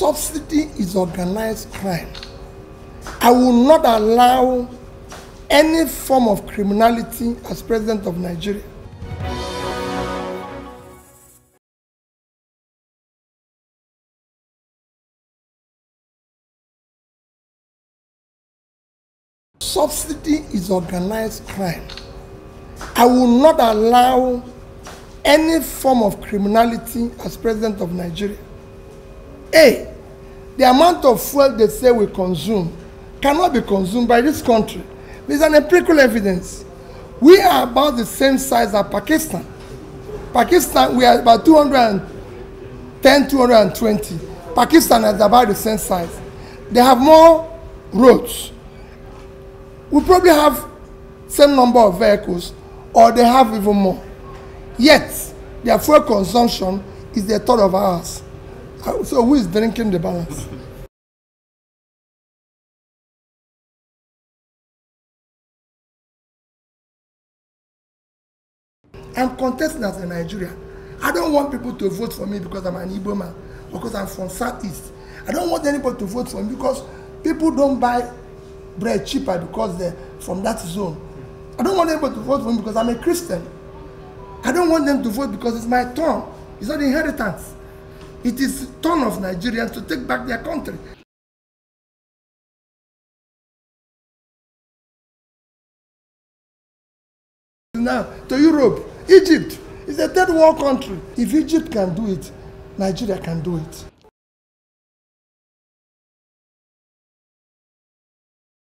Subsidy is organized crime. I will not allow any form of criminality as president of Nigeria. Subsidy is organized crime. I will not allow any form of criminality as president of Nigeria. A, the amount of fuel they say we consume cannot be consumed by this country. There's an empirical evidence. We are about the same size as Pakistan. Pakistan, we are about 210, 220. Pakistan is about the same size. They have more roads. We probably have same number of vehicles, or they have even more. Yet, their fuel consumption is a third of ours. So who is drinking the balance? I'm contesting as a Nigerian. I don't want people to vote for me because I'm an Igbo man, because I'm from Southeast. I don't want anybody to vote for me because people don't buy bread cheaper because they're from that zone. I don't want anybody to vote for me because I'm a Christian. I don't want them to vote because it's my turn. It's not inheritance. It is the turn of Nigerians to take back their country. Now, to Europe, Egypt is a third world country. If Egypt can do it, Nigeria can do it.